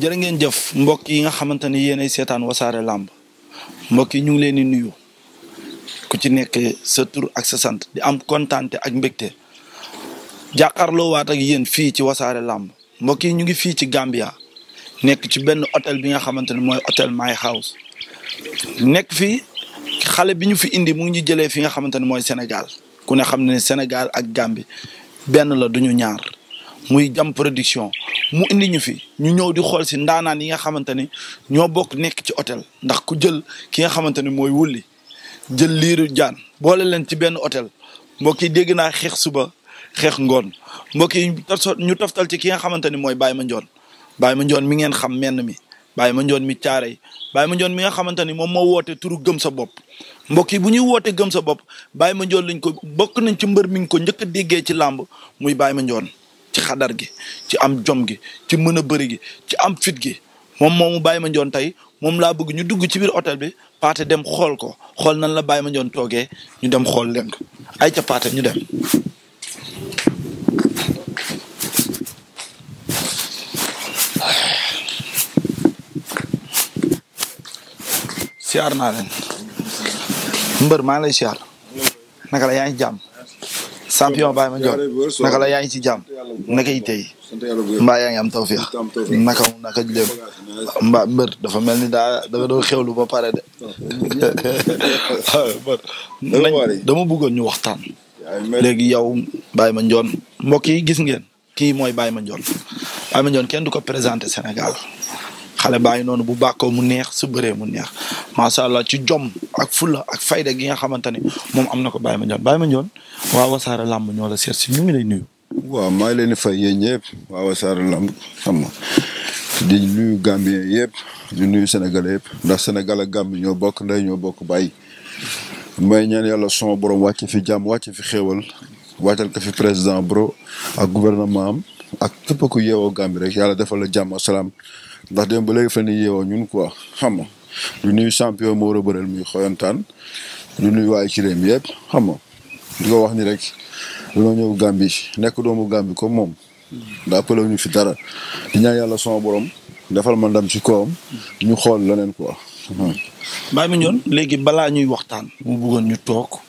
jërë ngeen jëf mbokk yi nga xamante ni yéenay seetaan wasaare làmb mbokk yi ñu ngi leen di nuyu ku ci nekk sa tur ak sa sant di am kontaante ak mbégte jàkkaarloo waat ak yéen fii ci wasaare làmb mbokk yi ñu ngi fii ci Gambia nekk ci benn hôtel bi nga xamante ne mooy hôtel My House nekk fii xale bi ñu fi indi mu ngi ñu jëlee fi nga xamante ne mooy Sénégal ku ne xam ne Sénégal ak Gambie benn la duñu ñaar muy jam production mu indi ñu fi ñu ñëw di xool si ndaanaan yi nga xamante ni ñoo bokk nekk ci hôtel ndax ku jël ki nga xamante ni mooy wulli jël liiru jaan boole leen ci benn hôtel mbokk yi dégg naa xeex suba xeex ngoon mbokk yi ñu toftal ci ki nga xamante ni mooy joon Mandione Baye Mandione mi ngeen xam menn mi Baye Mandione mi caarey Baye Mandione mi nga xamante ni moom moo woote turu gëm sa bopp mbokki bu ñuy woote gëm sa bopp Baye joon lañ ko bokk nañ ci mbër mi ñu ko njëkk a déggee ci làmb muy Baye Mandione ci xadar gi ci am jom gi ci mën a bëri ci am fit gi moom moomu Baye Mandione tey moom laa bëgg ñu dugg ci biir hôtel bi Pathé dem xool ko xool nan la Baye Mandione toogee ñu dem xool leen ay ca Pathé ñu dem. siyaar naa leen mbër maa ngi lay siyaar naka la yaa ngi ci jàmm champion Baye Mandione naka la yaa ngi ci jàmm. nakay tey mbaa yaa ngi am tawféex naka mu naka jëm mba mbër dafa mel ni daa dafa doon xewlu ba pare de dama buggoon ñu waxtaan léegi yow Baye Mandione mbokk yi gis ngeen kii mooy Baye Mandione Baye Mandione kenn du ko présenté Sénégal xale bàyyi noonu bu bàkkoo mu neex su bëree mu neex macha allah ci jom ak fula ak fayda gi nga xamante ne moom am na ko Baye Mandione Baye Mandione waa a làmb ñoo la seet si ñu ngi lay nuyu waaw maa ngi leen di fay yéen ñëpp waa Wassare Lamb xam nga di nuyu Gambien yëpp di nuyu Sénégalais yëpp ndax Sénégal ak Gambie ñoo bokk ndey ñoo bokk bàyyi may ñaan yàlla soma borom wàcc fi jàmm wàcc fi xéewal wàccal fi président bro ak gouvernement am ak képp ku yeewoo Gambie rek yàlla defal la jàmm asalaam ndax dem ba léegi fa ni yeewoo ñun quoi xam nga du nuyu champion moo war a muy xoyantaan du nuyu waa ci réew mi yëpp xam nga di ko wax ni rek. dañoo ñëw Gambie nekk doomu Gambie comme moom. daa pëloo ñu fi dara. di ñaan yàlla sama boroom defal ma ndam ci kawam. ñu xool leneen quoi. Baye Mandione léegi balaa ñuy waxtaan. mu bëggoon ñu toog.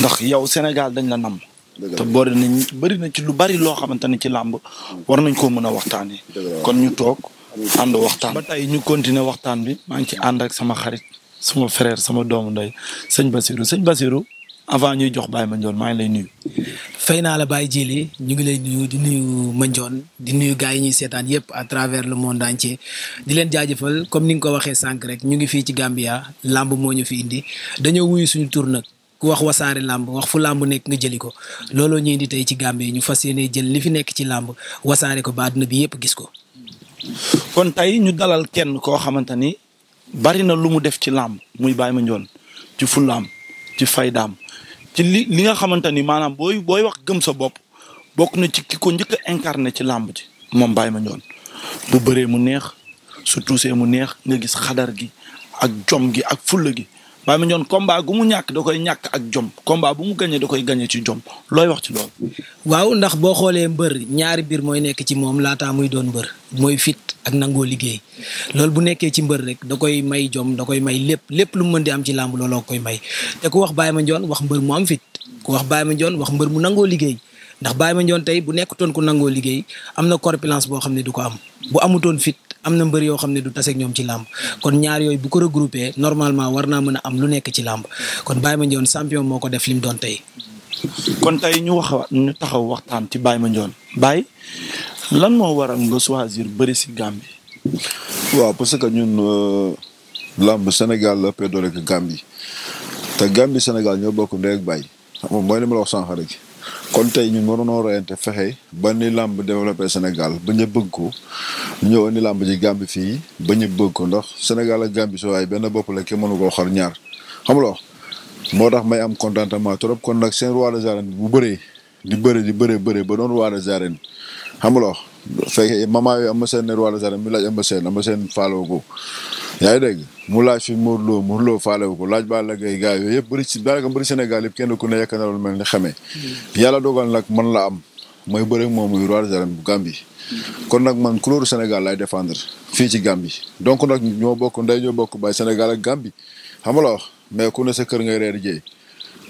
ndax yow Sénégal dañ la namm. te boori nañ bëri na ci lu bari loo xamante ne ci làmb. war nañ koo mën a waxtaanee. kon ñu toog ànd waxtaan. ba tey ñu continuer waxtaan bi maa ngi ci ànd ak sama xarit. sama frère sama doomu ndey sëñ Basirou sëñ basiru avant ñuy jox Baye Mandione maa ngi lay nuyu. fay naa la Baye Djily ñu ngi lay nuyu di nuyu Mandione di nuyu gars yi ñuy seetaan yëpp à travers le monde entier di leen jaajëfal comme ni nga ko waxee sànq rek ñu ngi fii ci Gambia làmb moo ñu fi indi dañoo wuyu suñu tur nag ku wax wasaare làmb wax fu làmb nekk nga jëli ko looloo ñu indi tey ci yi ñu fas yéene jël li fi nekk ci làmb wasaare ko ba àdduna bi yëpp gis ko. kon tey ñu dalal kenn koo xamante ni bari na lu mu def ci làmb muy Baye Mandione ci ci li li nga xamante ni maanaam booy booy wax gëm sa bopp bokk na ci ki ko njëkk a incarné ci làmb ji moom Baye Mandione bu bëree mu neex su tuusee mu neex nga gis xadar gi ak jom gi ak fulla gi Baye Mandione combat gu mu ñàkk da koy ñàkk ak jom combat bu mu gañee da koy gañee ci jom looy wax ci loolu. waaw ndax boo xoolee mbër ñaari mbir mooy nekk ci moom laataa muy doon mbër mooy fit ak nangoo liggéey loolu bu nekkee ci mbër rek da koy may jom da koy may lépp lépp lu mu mën di am ci làmb looloo koy may te ku wax Baye Mandione wax mbër mu am fit ku wax Baye Mandione wax mbër mu nangoo liggéey. ndax Baye Mandione tey bu nekk toon ku nangoo liggéey am na corpulence boo xam ne du ko am am na mbër yoo xam ne du taseeg ñoom ci làmb kon ñaar yooyu bu ko regroupé normalement war naa mën a am lu nekk ci làmb kon Baye Mandione champion moo ko def li mu doon tey. kon tey ñu wax ñu taxaw waxtaan ci Baye Mandione Baye lan moo waral nga choisir bëri si Gambie. waaw parce que ñun euh, làmb Sénégal la paie doole ko Gambie te Gambie Sénégal ñoo bokk ndey ak Baye xam mooy li ma la wax sànq rek. kon tey ñu ñun waroonoo reyante fexee ba ni làmb développé Sénégal ba ñu bëgg ko ñëw ni làmb ji Gambie fii ba ñu bëgg ko ndox Sénégal ak Gambie su waay benn bopp la kenn mënu koo xar ñaar xam moo tax may am contentement trop kon nag seen roi des arènes bu bëree di bëri di bëree bëri ba doon roi des arènes xam fekkee moment yii Eumeu Sène ne roi des arènes mu laaj Eumeu Sène Eumeu Sène faalewu ko yaa ngi dégg mu laaj fi Modou Lo Modou Lo faalewu ko laaj Balla Gaye gars yooyu yëpp bëri ci daanaka bëri Sénégal yëpp kenn ku ne yekk na lu mel ni xamee mm. yàlla dogal nag man la am mooy bëri moom muy roi des arènes bu mm. kon nag man couleur Sénégal lay défendre fii ci Gambie donc nag ñoo bokk nday ñoo bokk bay Sénégal ak Gambie xam nga la mais ku ne sa kër ngay reer jeey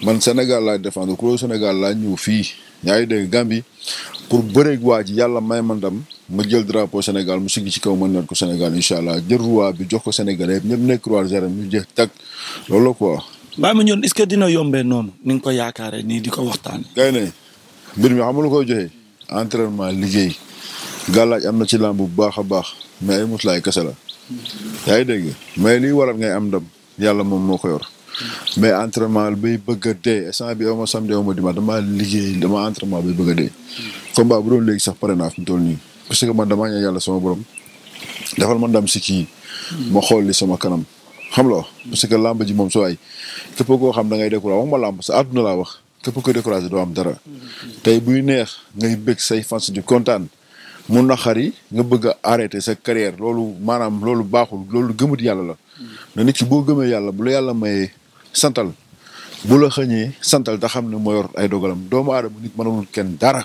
man Sénégal laay défendre kuréel Sénégal laa ñëw fii yaa ngi dégg Gambie pour bëreeg waa ji yàlla may ma ndam ma jël drapeau Sénégal mu siggi ci kaw ma naat ko Sénégal incha allah jël roi bi jox ko Sénégal yëpp ñëpp nekk roi zéro ñu jeex tag loolu ko Baye Mandione est-ce que dina yombee noonu ni ngi ko yaakaaree nii di ko waxtaanee. gay mbir mi xam lu koy joxe entraînement liggéey gàllaaj am na ci làmb bu baax a baax mais ay muslaay kese la yaa ngi dégg mais lii waral ngay am ndam yàlla moom moo ko yor. mais entraînement bay bëgg a dee instant bi aw ma di ma dimanche liggéey dama entraînement bay bëgg a dee. combat bu doon léegi sax pare naa fi mu toll nii parce que man damaa ñaan yàlla sama borom defal ma ndam si kii. ma xool li sama kanam xam la parce que làmb ji moom su waay képp koo xam dangay ngay découragé wax ma làmb sa àdduna wax képp ko découragé doo am dara. tey buy neex ngay bëgg say fans di kontaan. mu naqari nga bëgg a sa carrière loolu maanaam loolu baaxul loolu gëmut yàlla la. boo gëmee yàlla bu la yàlla mayee santal bu la xëñee santal da xam ne moo yor ay dogalam doomu aadama nit mënalul kenn dara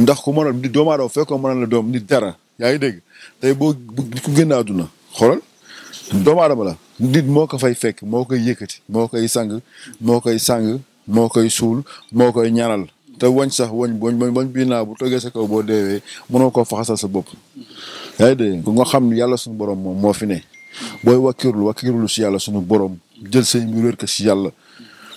ndax ku mënal nit doomu aadama fekkoo mënal la doom nit dara yaa ngi dégg tey boo ku génn àdduna xoolal doomu aadama la nit moo ko fay fekk moo koy yëkkati moo koy sang moo koy sang moo koy suul moo koy ñaanal te wañ sax woñ woñ woñ bii naa bu toggee sa kaw boo deewee mënoo koo faxasal sa bopp yaa ngi nga xam ne yàlla suñu borom moom moo fi ne booy wakkirlu wakkirlu si yàlla suñu borom jël say mbir wér si yàlla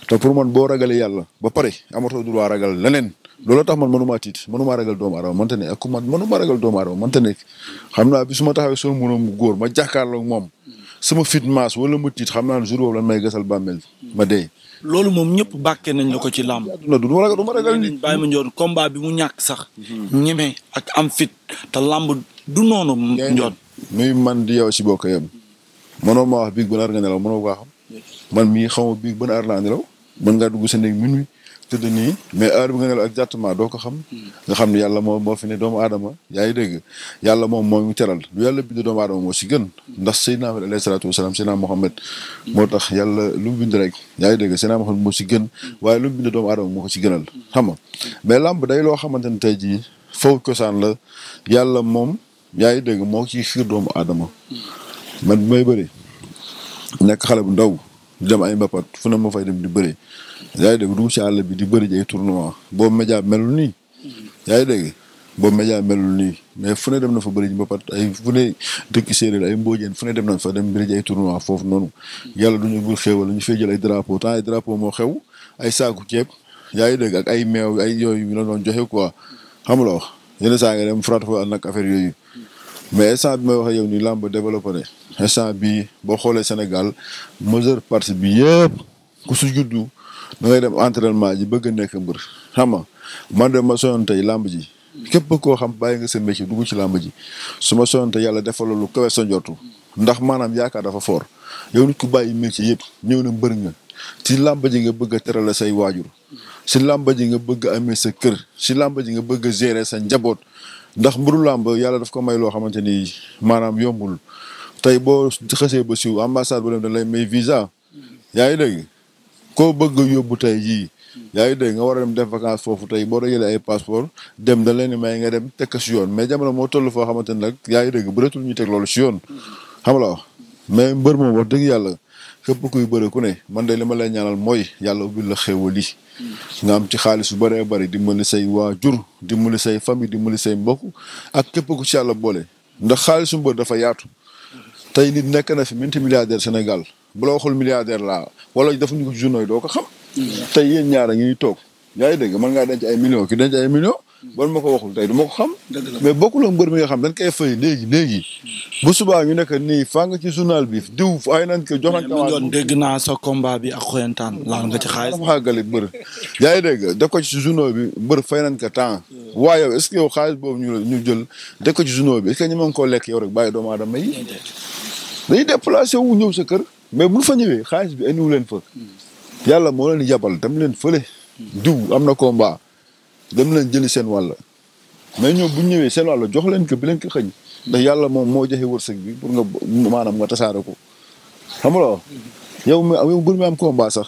te pour man boo ragalee yàlla ba pare amatoo droit ragal leneen looloo tax man mënumaa tiit mënumaa ragal doomu aadama mënta ne ak ku man mënumaa ragal doomu aadama mënta ne xam naa bi su ma taxawee soo mënoon góor ma jàkkaarloog moom sama fit maas wala ma tiit xam naa ne jour boobu lan gasal bàmmeel ma dee. loolu moom ñëpp bàkkee nañ la ko ci làmb. du ma ragal du ma ragal ni bàyyi ma njoon combat bi mu ñàkk sax. ñeme ak am fit làmb du noonu. njoon muy man di yow si bokk yam mënoo ma wax biig bu nar nga nelaw mënoo ko man mii xaw ma bii ban heure laa nelaw mën ngaa dugg sa néeg minuit tëdd nii mais heure bi nga nelaw exactement doo ko xam hmm. nga xam ne yàlla moo moo fi ne doomu aadama yaa ngi dégg yàlla moom moo ñu teral lu yàlla bind doomu aadama moo si gën ndax Seydina Ahmed alayhi salaatu wasalaam Seydina hmm. moo tax yàlla lu bind rek yaa ngi dégg Seydina Mohamed moo si gën hmm. waaye lu mu bind doomu aadama moo ko si gënal xam nga mais làmb day loo xamante ne tey jii foofu cosaan la yàlla moom yaa ngi dégg moo ciy xiir doomu aadama man bi may bëri nekk xale bu ndaw di dem ay mbapat fu ne ma fay dem di bëri yaa ngi dégg dugg ci àll bi di bëri ji ay tournoi boobu média melul nii yaa ngi dégg boobu média melul nii mais fu ne dem na fa bëri ji mbapat ay fu ne dëkk séeréer ay mbóojeen fu dem nañ fa dem bëri ji ay tournoi foofu noonu yàlla duñu bul xéewal ñu fay jël ay drapeau temps ay drapeau moo xew ay saaku ceeb yaa ngi dégg ak ay meew ay yooyu ñu la doon joxe quoi xam nga yenn saa nga dem frappe nag affaire yooyu mais instant bi may wax yow ni làmb développé na instant bi boo xoolee Sénégal majeure partie bi yëpp ku su na da ngay dem entraînement ji bëgg nekk mbër xam man de ma soñoon tey làmb ji képp koo xam bàyyi nga sa métier dugg ci làmb ji su ma soñoon yàlla defal lu kawe sa njortu ndax maanaam yaakaar dafa foor yow nit ku bàyyi métier yëpp ñëw na mbër nga ci làmb ji nga bëgg a terale say waajur si làmb ji nga bëgg a amee sa kër si làmb ji nga bëgg a gérer njaboot ndax mburu làmb yàlla daf ko may loo xamante ni maanaam yombul tey boo xasee ba siw ambassade ba dem dañ lay may visa yaa ngi dégg koo bëgg yóbbu tey jii yaa ngi dégg nga war a dem def vacance foofu tey boo dajale ay passeport dem dañ leen di may nga dem teg ko si yoon mais jamono moo toll foo xamante ni nag yaa ngi dégg bëreetul ñu teg loolu si yoon xam la wax mais mbër moom wax dëgg yàlla képp kuy bëre ku ne man de li ma lay ñaanal mooy yàlla ubbil la xéewal yi nga am ci xaalis bu bëree bëri dimbali say waajur dimbali say famille dimbali say mbokk ak képp ku ci yàlla boole ndax xaalisu mbër dafa yaatu tey nit nekk na fi minti milliardaire Sénégal bu la waxul milliardaire laa wala dafa ñu ko journaux doo ko xam mm. tey yéen ñaara ñuy toog yaa ngi dégg mën ngaa denc ay millions ban ma ko waxul tey du ma xam mais bokkul ak mbër mi nga xam dañ koy fay léegi léegi hmm. bu baa ñu nekk nii faa nga ci journal bi diw ay nañ ko jox nañ ko dégg naa sa combat bi ak xoyantaan laal nga ci xaalis dama xaagali mbër yaa ngi dégg def ko bi mbër fay nañ ko temps hmm. waa yow est-ce que yow xaalis boobu ñu ñu jël def ko bi est-ce que koo lekk yow rek bàyyi doomu aadama yi dañuy déplacé wu ñëw sa kër mais bu fa ñëwee xaalis bi andiwu leen fa hmm. yàlla moo leen yabal dem leen fële diw am na combat dem leen jëli seen wàll mais ñoom bu ñëwee seen wàll jox leen ko bi leen ko xëñ ndax yàlla moom moo joxe wërsëg bi pour nga maanaam nga tasaare ko xam yow mi yow mi am combat sax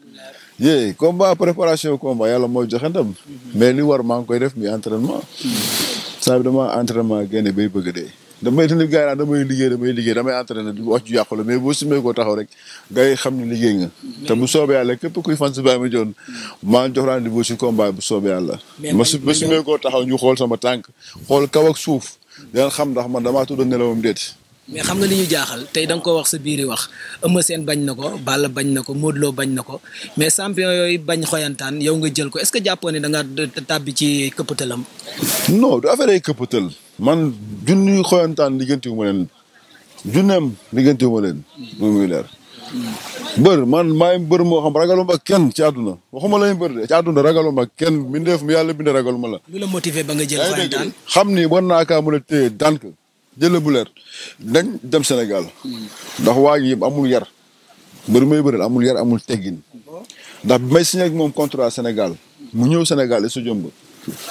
yéey combat préparation combat yàlla mooy joxe ndam mais li war maa ngi koy def mi entraînement saa bi dama entraînement génne bay bëgg dee damay tamit gars yi naan damay liggéey damay liggéey damay entraîné di wax ju yàqu la mais boo simee koo taxaw rek gars xam ne liggéey nga. te bu soobee yàlla képp kuy fan si Baye Mandione. jox laa ne bu si combat bu soobee yàlla. ma su ma simee koo taxaw ñu xool sama tànk xool kaw ak suuf dinañ xam ndax man damaa tudd nelawam déet. mais xam nga li ñu jaaxal tey danga nga wax sa biir i wax a Sène bañ na ko bala bañ na ko Modou Lo bañ na ko mais champion yooyu bañ xoyantaan yow nga jël ko est-ce que jàppoo ne da nga tàbbi ci këppatalam. non du affaire ay këppatal man junni xoyantaan diggante wu ma leen junneem diggante wu ma leen. moom leer. mbër man maay mbër moo xam ragaluma ak kenn ci àdduna waxuma lay mbër de ci àdduna ragaluma ak kenn mbindeef mi yàlla bind ragaluma la. lu la motivé ba nga jël xoyantaan xam ni war naa kaa mën jël bu leer dañ dem Sénégal ndax waa ji amul yar mbër may bëreel amul yar amul teggin ndax bi si signé ak moom contrat Sénégal mu ñëw Sénégal su jomb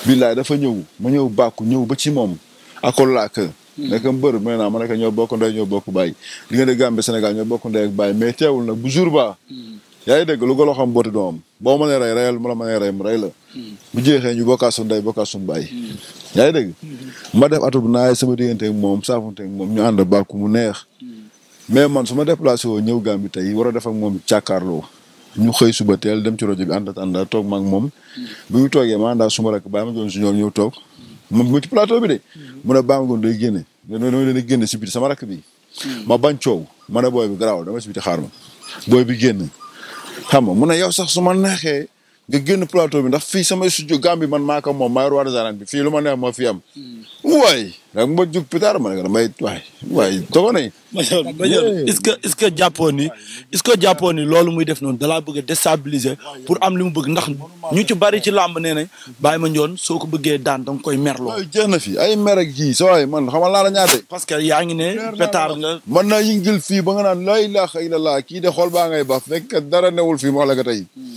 billaay dafa ñëw ma ñëw bàkku ñëw ba ci moom akol laa kër nekk mbër maintenant ma nekk ñoo bokk ndey ñoo bokk bàyyi li nga de Gambie Sénégal ñoo bokk ndey ak mais teewul nag bu jour ba yaa ngi dégg lu ko loo xam booti doom boo mënee rey reyal mu la mënee rey mu rey la. Hmm. bu jeexee ñu bokkaat suñu ndey bokkaat suñu baay. Hmm. yaa ngi dégg. Hmm. ma def atum naay sama diggante moom saafonte moom ñu ànd bàkku mu neex. mais man su ma déplacé woo ñëw Gàmbi tey war defa def ak moom càkkaarloo. ñu xëy suba teel dem ci rajo bi àndat ànda toog mag ak moom. bi mu toogee ma àndaa suma rek bàyyi ma doon si ñoom ñëw toog. moom mu ci plateau bi de. mu ne bàyyi ma doon day génne damay si biti sama rakk bi. ma bañ coow ma ne booy bi garaaw dama si biti xaar ma booy bi génn xam nga mu ne yow sax su ma nga génn plateau bi ndax fii sama studio Gambie man maa ko moom maay roi des arènes bi fii lu ma neex ma fi am. Hmm. waay nag ma jug pitaar ma ne damay waay waay dogo nañ. major que est ni est-ce ni loolu muy def noonu dalaa bëgg a déstabiliser pour am li mu bëgg ndax ñu ci bari ci làmb nee nañ Baye Mandione soo ko bëggee daan danga koy merloo. waaw jeex na fi ay mer ak ji sa waay man xamal laa la ñaate. parce que yaa ngi ne petaar nga. mën naa yëngil fii ba nga naan la ilaha illallah kii de xool baa ngay baf fekk dara newul fii ma wax la tey. Hmm.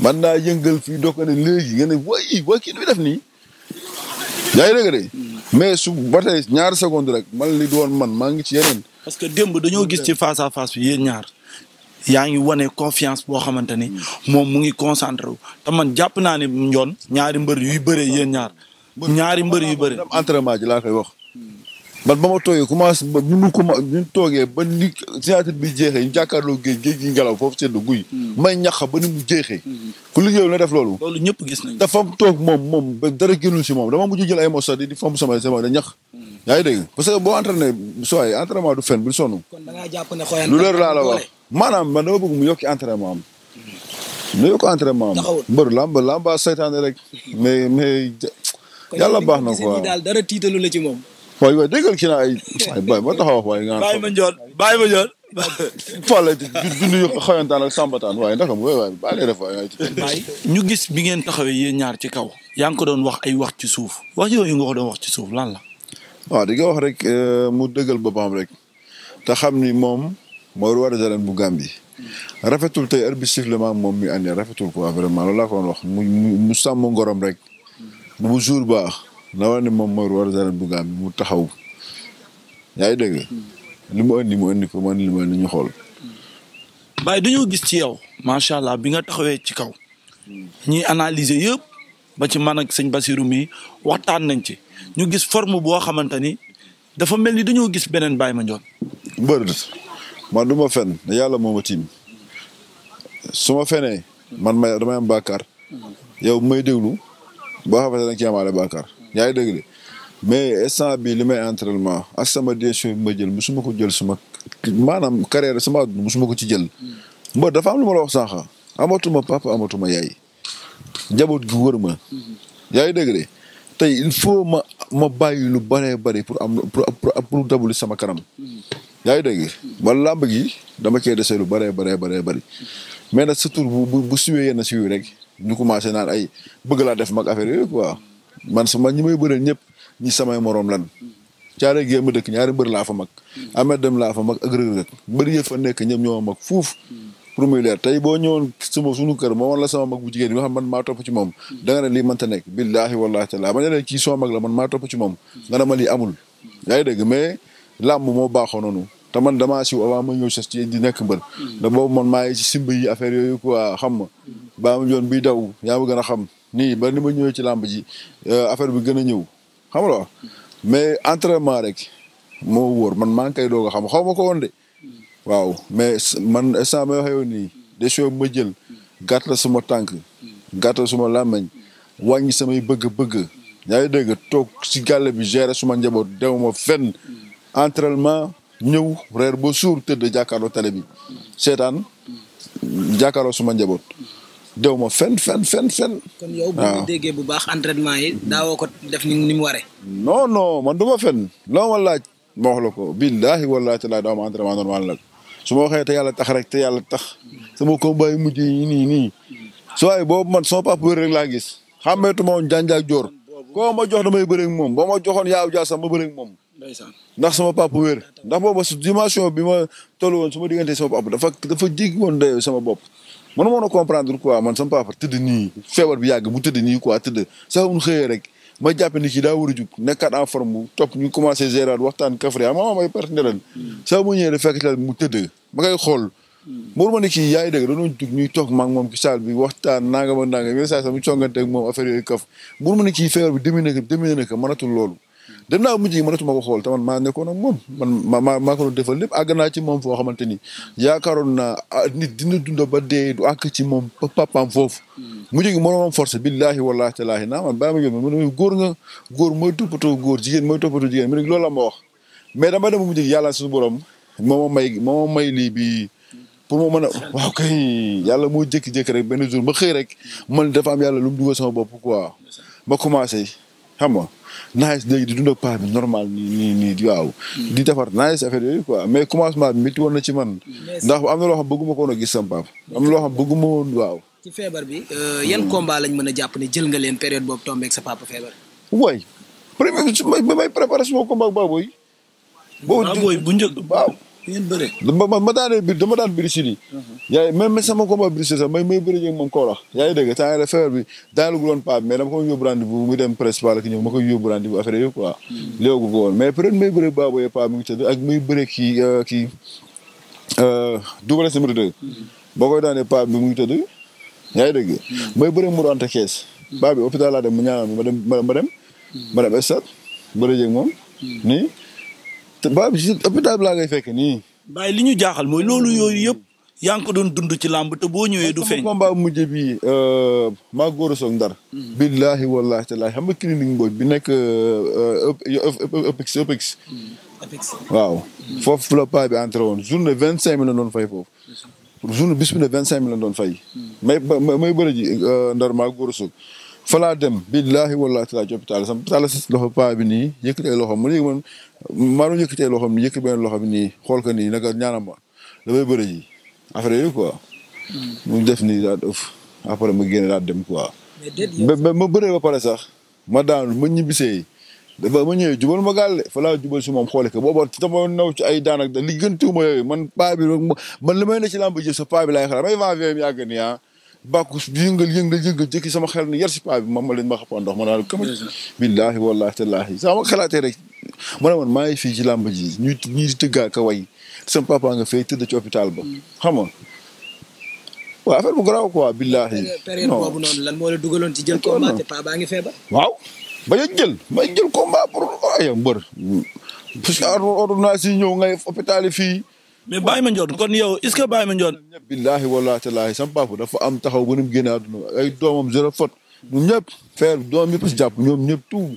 man naa yëngal fii doo ko ne léegi nga ne waay def nii. yaa ngi de hmm. mais su ba tey ñaari seconde rek man li doon man maa ngi ci yeneen. parce que démb dañoo gis ci fas à face bi ñaar. yaa ngi wane confiance boo xamante ni hmm. moom mu ngi concentre wu man jàpp naa ne njoon ñaari mbër yuy bëree yéen ñaar. ñaari mbër yu bëree. entraînement ji laa koy wax. man ba ma toogee commencé ba bu ñu commencé bu toogee ba ni bi jeexee ñu jàkkaarloo géej géej gi ngelaw foofu seen guy. Hmm. may ñax ba ni mu jeexee. Hmm. ku liggéeyul na def loolu. loolu ñëpp gis nañu. dafa toog moom moom ba dara génnul si moom dama mujj jël ay mos sax di fomp sama sama da ñax. Hmm. yaa ngi dégg parce que boo entraîné soo yi entraînement du fen bul sonn. kon da ngaa jàpp ne xooy lu leer laa la wax maanaam man dama bëgg mu yokki entraînement am. mu yokk entraînement am. taxawul mbër làmb làmb seytaane rek. mais mais yàlla baax na quoi daal dara tiitalu la ci moom waaye waaye déggal ci naa ay ay bàyyi ba taxaw wax waaye. baay bàyyi ma njoon bàyyi ma njoon. Fallay dund ak sambataan waaye naka mooy waaye baa lay ñu gis bi ngeen taxawee yéen ñaar ci kaw. yaa ngi ko doon wax ay wax ci suuf wax yi nga ko doon wax ci suuf lan la. waaw di nga wax rek euh, mu dëggal boppam rek te xam ni moom mooy roi des arènes bu Gambie rafetul tey heure bi moom mi àndee rafetul quoi vraiment loolu laa ko wax mu mu sàmm ngorom rek bu jour baax. la war moom mooy roi des arènes bu Gambie mu taxaw yaa ngi dégg. Hmm. li mu andi mu andi ko man li ma andi ñu xool. Hmm. Baye dañoo gis ci yow macha allah bi nga taxawee ci kaw. Hmm. ñi analyser yëpp ba ci man ak sëñ Basirou mi waxtaan nañ ci ñu gis forme boo xamante ni dafa mel ni dañoo gis beneen Baye Mandione. mbër man du fen yàlla moo ma tiim su fenee man may damay am bàkkaar yow may déglu boo xamante ne da nga ciy yaa ngi dégg de mais instant bi li may entraînement ak sama décision bi ma jël musuma ko jël suma maanaam carrière sama àdduna musuma ko ci jël. mba dafa am lu ma la wax sànq amatuma papa amatuma yaay njaboot gi wër ma. yaa ngi dégg de tey il faut ma ma bàyyi lu bëree bëri pour am pour pour dabuli sama kanam. yaa ngi dégg man làmb gi dama cee dese lu bëree bëree bare bëri mais nag surtout bu bu bu suwee yenn siiw rek ñu commencé naan ay bëgg laa def mag affaire yooyu quoi. man sama ñi may bëreel ñëpp ñi samay moroom lan caare gi ma dëkk ñaari mbër laa fa mag amet dem laa fa mag ak rëg-rëg mbër yi fa nekk ñëpp ñoo mag leer tey boo ñëwoon suma suñu kër ma woon la sama mag bu jigéen bi xam man maa topp ci moom da nga ne nekk billaahi wallaahi taala ma ne leen kii suma la man maa topp ci moom nga ma lii amul yaa ngi dégg mais làmb moo baaxoo noonu te man damaa siw avant ma ñëw sos ci di nekk mbër da boobu man maa ngi ci simb yi affaire yooyu quoi xam ma baa ma yoon biy daw yaa ma gën a xam nii ba ni ma ñëwee ci làmb ji euh, affaire bi gën a ñëw xam nga mais entraînement rek moo wóor man maa ngi koy doog a xam xaw ma ko woon de. waaw mais man instant may waxee woon nii décision bi ma jël gàttal suma tànk gàttal suma làmmeñ wàññi samay bëgg-bëgg. yaa ngi dégg toog si gàlle bi gérer suma njaboot ma fenn entraînement ñëw reer ba suur tëdd jàkkaarloo télé seetaan jàkkaarloo suma njaboot. dew ma fen fen fen fen. kon yow bu ñu déggee baax entraînement yi daawoo ko def ni ni mu waree. non non man du ma fen loo ma laaj ma wax la ko billaahi wallaahi taalaa daaw ma entraînement normal nag su ma waxee te yàlla tax rek te yàlla tax sama combat yi mujj yi nii nii su waay boobu man sama papa bëri laa gis xàmmeetu ma woon jànja ak joor koo ma jox damay bëri ak moom boo ma joxoon yaaw jaa sax ma bëri ak moom. ndax sama papa wér ndax booba su dimension bi ma toll woon suma ma diggante sama papa dafa dafa jéggi woon dayoo sama bopp. man moo na comprendre quoi man sama papa tëdd nii feebar bi yàgg bu tëdd nii quoi tëdd saa mu xëyee rek ma jàpp ni kii daa war a jug nekkaat en forme bu topp ñu commencé gérer waxtaan kafre ah maman may perte saa mu ñëwee rek fekk ci mu tëdd ma koy xool. mor ma ne kii yaa ngi dégg dañoo jug ñuy toog moom ci saal waxtaan nangam ak nangam yenn saa ma ne kii na ko loolu dem naa mujj gi mënatuma ko xool te man maa nekkoon ak moom man ma ma maa ko defal lépp àgg naa ci moom foo xamante ni yaakaaroon naa ah, nit dina dunda ba dee du àgg ci moom papaam foofu hmm. mujj gi mënoo am force billaahi wallaahi tallaahi naa man bàyyi ma yóbbu man góor nga góor mooy toppatoo góor jigéen mooy toppatoo jigéen mu ne loolu la ma wax mais dama dem mujj gi yàlla suñu borom moo ma may moo ma may lii bi pour ma mën a waaw kay yàlla moo jékki-jékki rek benn jur ma xëy rek man dafa am yàlla lu mu dugal sama bopp quoi ma commencé xam nice léegi di dund ak paa bi normal nii nii nii waaw. Hmm. di defar nice affaire yooyu quoi mais commencement bi métti woon ci man. ndax am na loo xam bëgguma ko a gis sama papa. am na loo xam waaw. ci feebar bi. Euh, yan hmm. combat lañ mën a jàpp ne jël nga leen période boobu tombé ak sa papa feebar. waay premier bi may préparation combat ak Baboy. boobu bu njëkk waaw. ngeen bëree. ma ma daanee bir dama daan biri si nii. yaa ngi ma sama combat biri si may may bëri moom Kaolack. yaa ngi dégg temps yii feebar bi daanaka doon paam mais dama ko yóbbu rendez-vous muy dem principal ak ñëw ma koy yóbbu rendez-vous affaire yooyu quoi. léegi ko woon mais peut être may bëree baaboo yee paam mi ngi ak may bëree kii kii double S numéro 2. boo koy daanee paam bi mu ngi tëdd. yaa ngi dégg. may bëree mu doon te kees. baa bi hôpital laa dem mu ñaanal ma dem ma dem. ma dem te baay si hôpital fekk nii. baay li ñu jaaxal mooy loolu yooyu yëpp yaa ngi ko doon dund ci làmb te boo ñëwee du feeñ. combat mujj bi euh, maa góor a soog ndar. Mm-hmm. billaahi wallaahi tallaahi xam nga clinique mbooj bi nekk OPEX euh, OPEX. Mm-hmm. waaw mm-hmm. foofu la paa bi entré woon journée vingt cinq mille la doon fay foofu. journée bis bi vingt cinq mille doon fay. may may bëri ji euh, ndar maa góor falaa dem billaahi wallaahi taalaa ci hôpital sam taala si loxo paa bi nii yëkkatee loxo mu léegi man maa doon yëkkatee loxo bi yëkkat beneen loxo bi nii xool ko nii naka ñaanam ma damay bëri ji affaire yooyu quoi. Hmm. mu def nii daal ëf après ma génne daal dem ko mais ma bëree ba pare sax ma daan ma ñibbisee dafa ma ñëwee jubal ma gàlle fa laa jubal si moom xoole ko booba sama naw ci ay daanak da li gën tuuma yooyu man paa bi man li may ne ci làmb ji sa paa bi laay xalaat a vent vie yàgg nii ah. ba bàkku yëngal yëngal yëngal jëkki sama xel ne yar si paa bi mam ma leen ma xappaa ndox a naa kama billaahi wallaahi tallaahi sama xalaatee rek ma ne woon maa ngi fi ci làmb ji ñu ñii di tëggaa ka way sama papa nga fay tëdd ci hôpital ba mm. xam nga waaw affaire bu garaaw quoi billaahi dugaloon ci jël combat te paa ba ñu jël may jël combat pour ay mbër parce que ordonnance ñëw ngay hôpital yi fii mais Baye Mandione kon yow est-ce que Baye Mandione. billaahi wallaahi tallaahi sama papa dafa am taxaw ba nu mu génne ay doomam zéro faute ñun ñëpp feer doom yëpp si jàpp ñoom ñëpp tout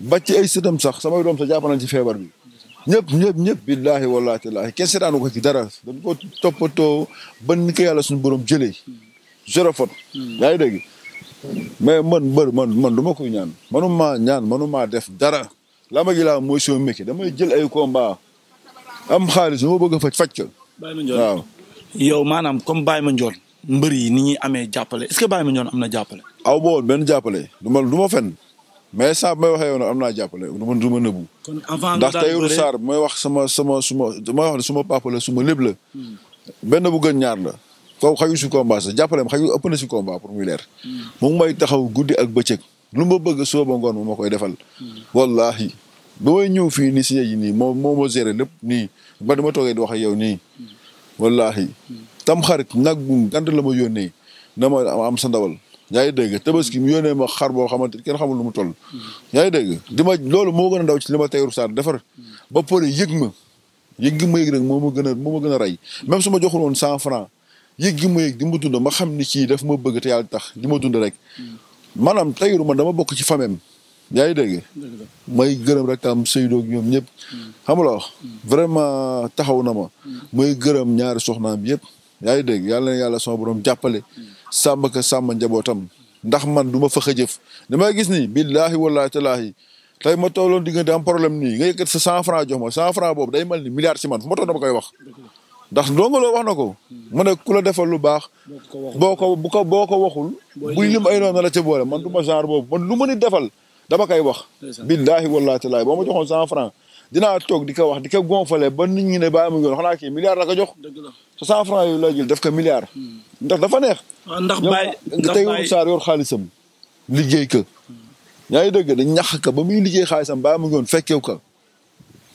ba ci ay sëtam sax sama doom sax jàpp nañ ci feebar bi ñëpp ñëpp ñëpp billaahi wallaahi tallaahi kenn seetaanu ko ci dara dañ ko toppatoo ba ni ko yàlla suñu borom jëlee zéro faute yaa ngi dégg mais man mbër man man du koy ñaan manuma ñaan manuma def dara lama gi laa mooy sama métier damay jël ay combat am xaalis moo bëgg a faj faj ko. waaw. yow maanaam comme Baye Mandione mbër yi ni ñuy amee jàppale est-ce que Baye Mandione am na jàppale. aw boobu benn jàppale du ma du ma fenn mais saa may waxee yoon am naa jàppale du ma du ma nëbbu. kon avant ndax Tahirou Sarr may wax sama sama suma may wax ne suma papa la suma lépp la. Hmm. benn bu ñaar la. kooku xaju si combat sax jàppale ma xaju ëpp si si combat pour muy leer. Hmm. mu ngi may taxaw guddi ak bëccëg lu ma bëgg suba ba ngoon ma koy defal. Hmm. wallaahi. ba may ñëw fii nii si yi nii moo moo ma géré lépp nii ba dama toogee di wax yow nii wallaahi tam xarit nag bu gant la ma yónnee na ma am sa ndawal yaa ngi dégg tabaski mu yónnee ma xar boo xamante kenn xamul lu mu toll yaa ngi dégg di ma loolu moo gën a ndaw ci li ma teyru saar defar ba pare yëg ma yëg gi ma rek moo ma gën a moo a rey même su ma joxul woon cent franc yëg gi ma di ma dund ma xam ni kii def ma bëgg te yàlla tax di ma dund rek maanaam teyru ma dama bokk ci famem yaa ngi dégg. may gërëm rek tam Seydou ak ñoom ñëpp. xam wax. Mm. vraiment taxaw na ma. Mm. may gërëm ñaari soxnaam yëpp. yaa ngi dégg yàlla na yàlla sama borom jàppale. Mm. sàmm ka sàmm njabootam. ndax man du ma fa xëjëf. damay gis ni billaahi wallaahi talaahi tey ma tolloon diggante am problème nii nga yëkkat sa cent franc jox ma cent franc boobu day mel ni milliard si man fu ma toll dama koy wax. ndax ndongoloo wax na ko. mu ne ku la defal lu baax. boo ko boo ko boo ko waxul. bu lim ay noonu la boole man du ma genre boobu man lu ma nit defal. dama koy wax. billaahi wallaahi taalaa boo ma joxoon cent franc dinaa toog di ko wax di ko gonfale ba nit ñi ne bàyyi ma yoon xanaa kii milliard la jox. dëgg la cent franc yooyu def ko milliard. Hmm. ndax dafa neex. Ah, ndax Baye ndax Baye tey Sarr yor xaalisam liggéey ka hmm. yaa ngi dëgg dañ ñax ka ba muy liggéey xaalisam bàyyi ma yoon fekkew ko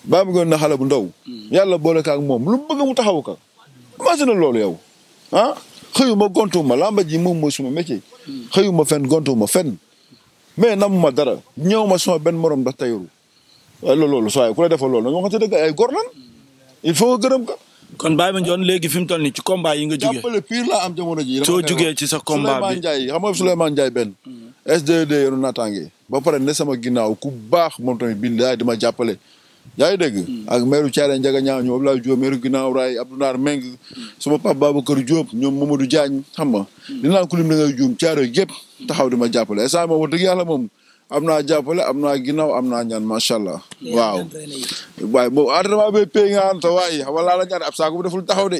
bàyyi mu yoon na xale bu ndaw. Hmm. yàlla boole ko moom lu mu bëgg mu taxaw ko. imagine loolu yow ah xëyuma gontuma lamba ji moom mooy suma métier. xëyuma fenn gontuma fen mais namu ma dara ñëw ma suma benn moroom ndax tayru loolu loolu saa ku la defal loolu nga waxante dëgg ay gor lan il faut nga gërëm ko. kon Baye Mandione léegi fi mu toll nii ci combat yi nga jugee jàppale pire laa am jamono ji. soo jugee ci sa combat bi Souleymane Ndiaye xam nga Souleymane Ndiaye benn. Mm. SDD e ba pare ne sama ginnaaw ku baax moom tamit billaay di ma jàppale. yaa ngi dégg hmm. ak maire Thiaré Ndiaga Niang ñoom Abdoulaye Diop maire ginnaaw raay Abdou Naar Meng hmm. sama papa Babacar Diop ñoom Mamadou Diagne xam nga hmm. di naan ku lim da ngay juum Thiaré yëpp taxaw di ma jàppale instant moom dëgg yàlla moom am naa jàppale am naa ginnaaw am naa ñaan macha allah waaw waaye boobu entraînement bi pay nga an te waaye xama laa la ñaan ab saako bu taxaw de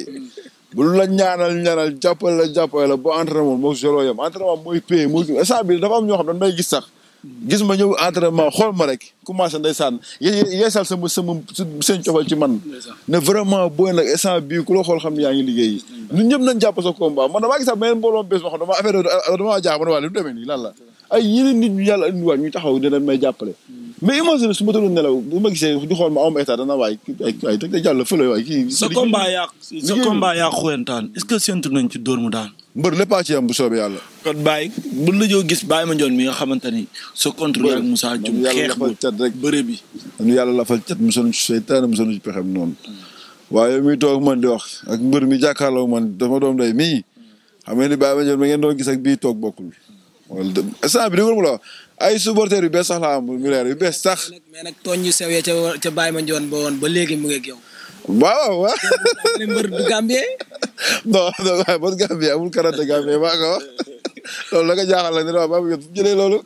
bu la ñaanal ñaanal jàppale la jàppale la boo entraînement moom moo solo yam entraînement mooy pay mooy instant bi dafa am ñoo xam dañ may gis sax gis ma ñëw entraînement xool ma rek commencé ndeysaan yeesal sama sama seen cofal ci man ne vraiment booy nag instant bii ku la xool xam ne yaa ngi liggéey ñun ñëpp nañ jàpp sa combat man damaa gis sax beneen mbooloo bés ma xam dama affaire damaa jaax man waa lu demee nii lan la ay yeneen nit ñu yàlla andiwaat ñu taxaw dinañ may jàppale hmm. mais imagine su ma nelaw bu ma gisee di xool ma am état dana waay ay teg da fële waay kii sa combat yaa sa combat yaa que séntu nañ ci dóor mbër léppaa ci am bu soobee yàlla. kon Baye bu la joo gis Baye Mandione mi nga xamante ni. sa contre ak Moussa Dioum xeex bu bëre bi. nu yàlla lafal cat mu sonn mbër mi jàkkaarloo man dama doom day mii. xam ngeen ni Baye Mandione ma ngeen doon gis ak bii toog bokkul. wala de instant bi di mu la ay supporters yu bees sax laa am mu leer yu bees sax. mais nag tooñ ñu sewee ca ca Baye Mandione ba woon ba léegi mu ngi yow. waaw waaw. mbër du Gambien. non non man Gambien amul karate Gambien maa ko wax. loolu la nga jaaxal la ne waaw baabu yëpp jëlee loolu.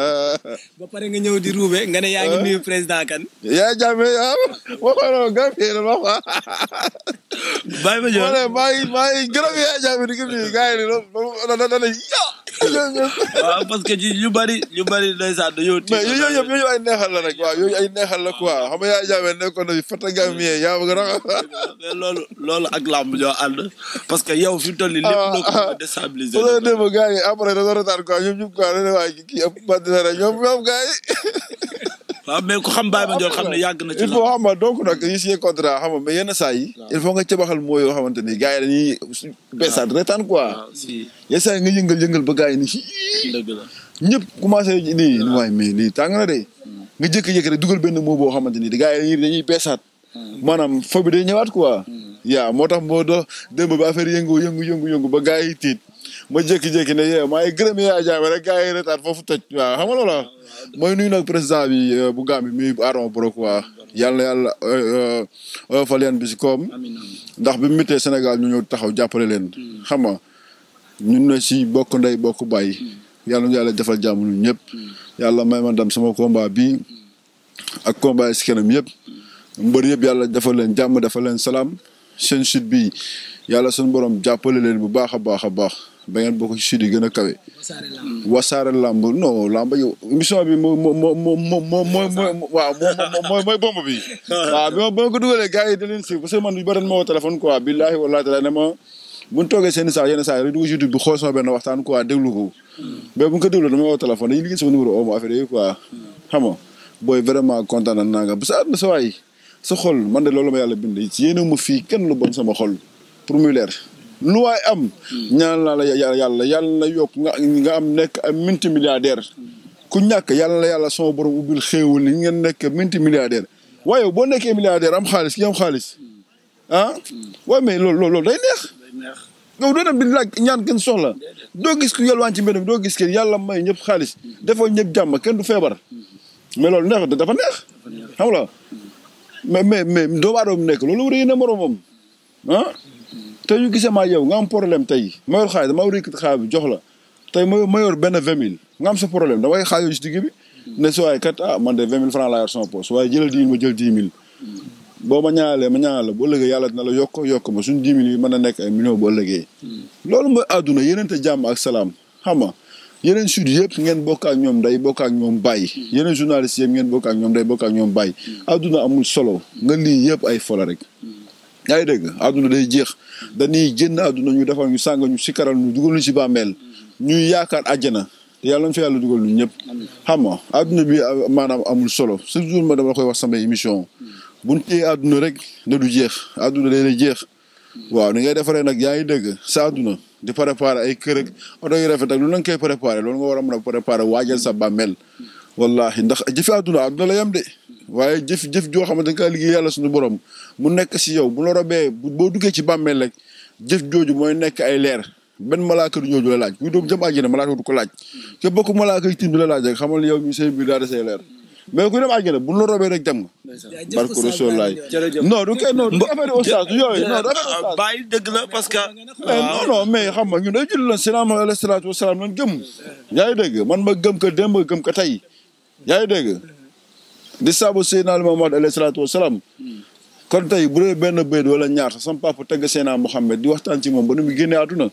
ba pare nga ñëw di ruube nga ne yaa ngi nuyu président kan. yaa jàmmee ah ma ko doon gàmmee ma fa. bàyyi ma jox ma ne maa ngi maa ngi gërëm yaa jàmmee di ko nuyu gars yi loolu loolu da waaw parce yooyu yooyu ay neexal la rek waaw yooyu ay neexal la quoi xam nga yaa jaamee nekkoon na fi fatagamier yaa bëgg rax mais parce que yow fi mu toll nii lépp loo ko naa ne après dafa retard quoi ñoom ñu quoi dañu waay kii ab bàtt dara ñoom ñoom gars yi. waaw mais ku xam Baye Mandione xam ne yàgg na ci il faut xam nga donc nag yi signé contrat xam nga mais yenn saa yi. il faut nga cabaxal mooy yoo xamante ni gars yi dañuy. beesaat retaan quoi. waaw si yenn saa yi nga yëngal yëngal ni dëgg la ñëpp commencé nii waay mais lii tàng na de. Hmm. nga jékki-jékki rek dugal benn mot boo xamante ni gars yi dañuy beesaat. Hmm. maanaam fo bi day ñëwaat quoi. Hmm. yaa moo tax moo do démb ba affaire yëngu yëngu yëngu ba gars yi tiit. ma jékki-jékki ne yee maa ngi gërëm yaa rek gars yi retard foofu toj waaw xam nga loola mooy nuyu nag président bi euh, bu Gàmbi muy Adama Barrow waa yàlla yàlla euh, euh, oyofal yan bi si koom ndax bi mu mittee Sénégal ñu ñëw taxaw jàppale leen hmm. xam nga ñun ne si bokk ndey bokk bàyyi hmm. yàlla yàlla defal jàmm ñun ñëpp hmm. yàlla may ma dem sama komba bi ak combat yi si yëpp mbër yëpp yàlla defal leen jàmm defal leen salaam seen sud bi yàlla seen borom jàppale leen bu baax a baax a baax ba ngeen bokk ci sud gën a kawe. wasaare lamb non lamb yow émission bi moo moo moo moo moo moo moo waaw moo mooy bomb bi. waaw ba ma ko dugalee gars yi da leen si parce que man bi ba doon ma woo téléphone quoi billaahi wallaahi taala ne ma bu toogee seen i saa yenn saa yi rek dugg YouTube bi xool sama benn waxtaan quoi déglu ko. mais bu ñu ko déglu dama woo téléphone dañuy liggéey sama numéro oomo affaire yi quoi. booy vraiment kontaan naa nga parce que àdduna sa waay sa xol man de loolu ma yàlla bind yéen a ma fii kenn lu bon sama xol pour mu leer. lu waay am. ñaan naa la yàlla yàlla yàlla na yokk nga nga am nekk am minti milliardaire. ku ñàkk yalla na yàlla sama borom ubbil xéewal ni ngeen nekk minti milliardaire waaye boo nekkee milliardaire am xaalis ki am xaalis ah. waaye mais loolu loolu loolu day neex. yow doo dem bi laaj ñaan kenn soxla doo gis ku yelwaan ci mbedd doo gis kenn yàlla may ñëpp xaalis defoo ñëpp jàmm kenn du feebar mais loolu neex dafa neex. xam nga mais mais mais doomu aadama nekk loolu war a yéene moromam ah. te ñu gisee maa yow nga am problème tey ma yor xaalis dama war yëkkati xaalis bi jox la tey ma ma yor benn vingt mille nga am sa problème damay xaalis ci digg bi ne waay kat ah de vingt mille franc laa yor sama poche waaye jël dix boo ma ñaanalee ma ñaanal la bu ëllëgee yàlla dina la yokk yokk ma suñ dix mille yi mën a nekk ay millions bu ëllëgee hmm. loolu mooy àdduna yeneente jàmm ak salaam xam nga yeneen sud yëpp ngeen bokk ak ñoom day bokk ak ñoom bàyyi hmm. yeneen journaliste yëpp bokk ak ñoom day bokk ak ñoom bàyyi hmm. àdduna amul solo nga lii yëpp ay fola rek yaa ngi dégg àdduna day jeex dañuy génn àdduna ñu defal ñu sàng ñu sikaral ñu dugal ñu si bàmmeel ñuy yaakaar àjjana te yàlla na fi yàlla dugal ñu ñëpp. xam nga àdduna bi euh, maanaam amul solo chaque jour ma dama koy wax sama émission. bu ñu téye àdduna rek na du jeex àdduna day lay jeex. waaw ni ngay defaree nag yaa ngi dégg sa àdduna di préparer ay kër ak oto yu rafet ak lu la nga koy préparer loolu nga war a mën a préparer waajal sa bàmmeel. wallaahi ndax jëfe àdduna àdduna la yem de. waaye jëf jëf joo xamante ne kaa liggéey yàlla suñu borom mu nekk si yow bu la robee boo duggee ci bàmmeel rek jëf jooju mooy nekk ay leer benn malaaka du ñooju la laaj bu doom jëm àjjana malaaka du ko laaj bokk malaaka yi tiim du la laaj rek xamal yow ñu seen biir daa desee leer mais ku dem àjjana robee rek dem nga barko Rasulullah non du kenn non ah, dëgg la parce que non non mais xam nga ñun ay julli lan salaam alayhi salaatu wasalaam lan gëm yaa ngi dégg man ma gëm ko démb gëm ko tey yaa ngi dégg di saabu Seydina Muhammad alayhi salaatu wa salaam. Hmm. kon tey bu dee benn béykat wala ñaar sama papa tagg Seydina Mohamed di waxtaan ci moom ba nu mu génnee àdduna.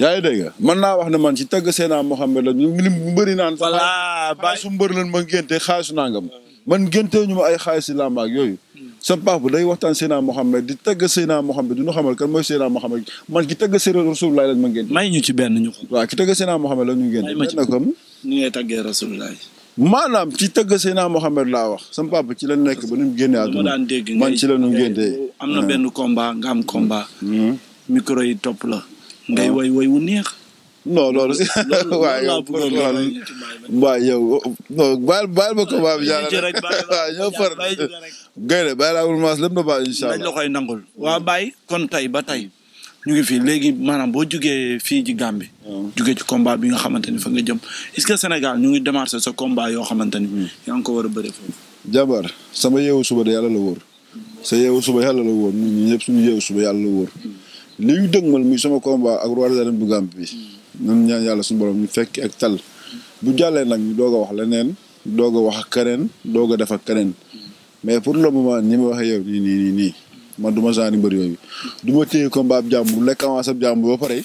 yaa ngi dégg man naa wax ne man ci tagg Seydina Mohamed la ñu mbëri naan. voilà ba su mbër lan ma ngénte xaalisu nangam. man ngéntee ñu ma ay xaalis si yooyu. Hmm. sama papa day waxtaan Seydina Mohamed di tagg Seydina Mohamed du ñu xamal kan mooy Seydina Mohamed man ki tagg Seydina Rasulullah lañ ma ngénte. may ñu ci benn ñu. waaw ki tagg Seydina Mohamed la ñu maanaam ci tëgg Seydina Mohamed laa wax sama papa ci la nekk ba ni mu génnee àdduna man ci la nu génnee am na benn combat nga am combat. Mm. Mm. micro topp la. ngay woy woy wu neex. non loolu si waaye yow waaye yow non baal baal ma combat bi ñoo far gaynde bàyyi laa wul maas lépp na baax incha waa mm. bàyyi kon tey ba tey ñu ngi fii léegi maanaam boo jugee fii ci Gambie. jugee ci combat bi nga xamante ni fa nga jëm est-ce que Sénégal ñu ngi démarché sa combat yoo xamante ni. Hmm. yaa ngi ko war a bëri foofu. jabar sama yeewu suba de yàlla la wóor. sa yeewu suba yàlla la wóor ñun ñëpp suñu yeewu suba yàlla la wóor. Hmm. li ñu dëgmal muy sama kombaa ak roi des arènes bu Gambie bi. Hmm. ñun ñaan yàlla suñu borom ñu fekk ak tal. bu jàllee nag ñu doog a wax leneen. doog a wax ak keneen doog a def keneen. mais pour le moment ni ma waxee yow nii nii nii nii. man du ma genre mbër yooyu du ma téye combat ab jàmbur lekk avance ab jàmbur ba pare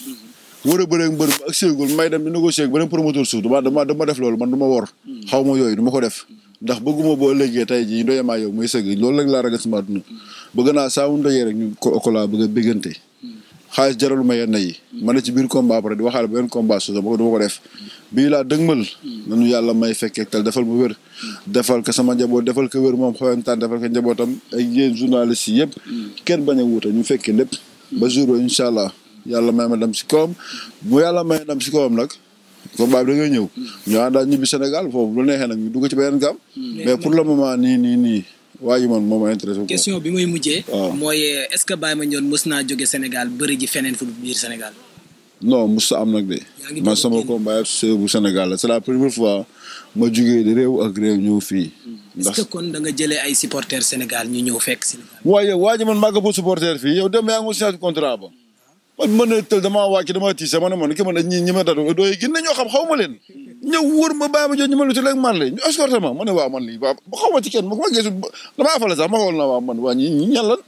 war a bëre mbër ak séegul may dem di négocier ak beneen promoteur suuf dama dama dama def loolu man du ma wor xaw ma yooyu du ko def ndax bëgguma boo léegee tey jii ndoyemaa yow muy sëgg loolu rek laa ragal sama àdduna bëgg naa saa mu ndoyee rek ñu ko laa bëgg a béggante xaalis jaralu ma yenn yi ma ne ci biir combat après di waxaale beneen combat su dama may fekkee tal defal bu wér defal ko sama njaboot defal ka wér moom xoyantaan defal ko njabootam ak yéen journaliste yi yëpp kenn bañ a wuute ñu fekkee lépp ba jour ba incha allah yàlla may ma dem si kawam bu yàlla may dem si kawam nag combat bi da ngay ñëw ñu àndaat ñibbi Sénégal foofu lu neexee nag ñu dugg ci beneen gam mm. mais pour le moment nii nii nii waa ji man moom a intéressé question bi mooy mujjee. waaw mooy est-ce que Baye Mandione mës naa jóge Sénégal bëri ji feneen fu biir Sénégal. non mës sa am nag de. man sama ko yëpp bu Sénégal la c'est la première fois ma jugee réew ak ñëw fii. Hmm. ndax est-ce kon da jëlee ay supporters Sénégal ñu ñëw fekk Sénégal. waaye waa ji man maa ko supporter fii yow dem yaa ngi ko contrat ba. man mën a tël damaa wàcc damaa tiise ma ne man ki man ñi ñi ma dadu dooy gën na ñoo xam xaw ma leen ñëw wóor ma bàyyi ma jox ñu ma luti rek man la ñu escorté ma ma ne waaw man lii waaw xaw ma ci kenn ma ko ma fale sax ma xool na waaw man waa ñi ñi ñan lan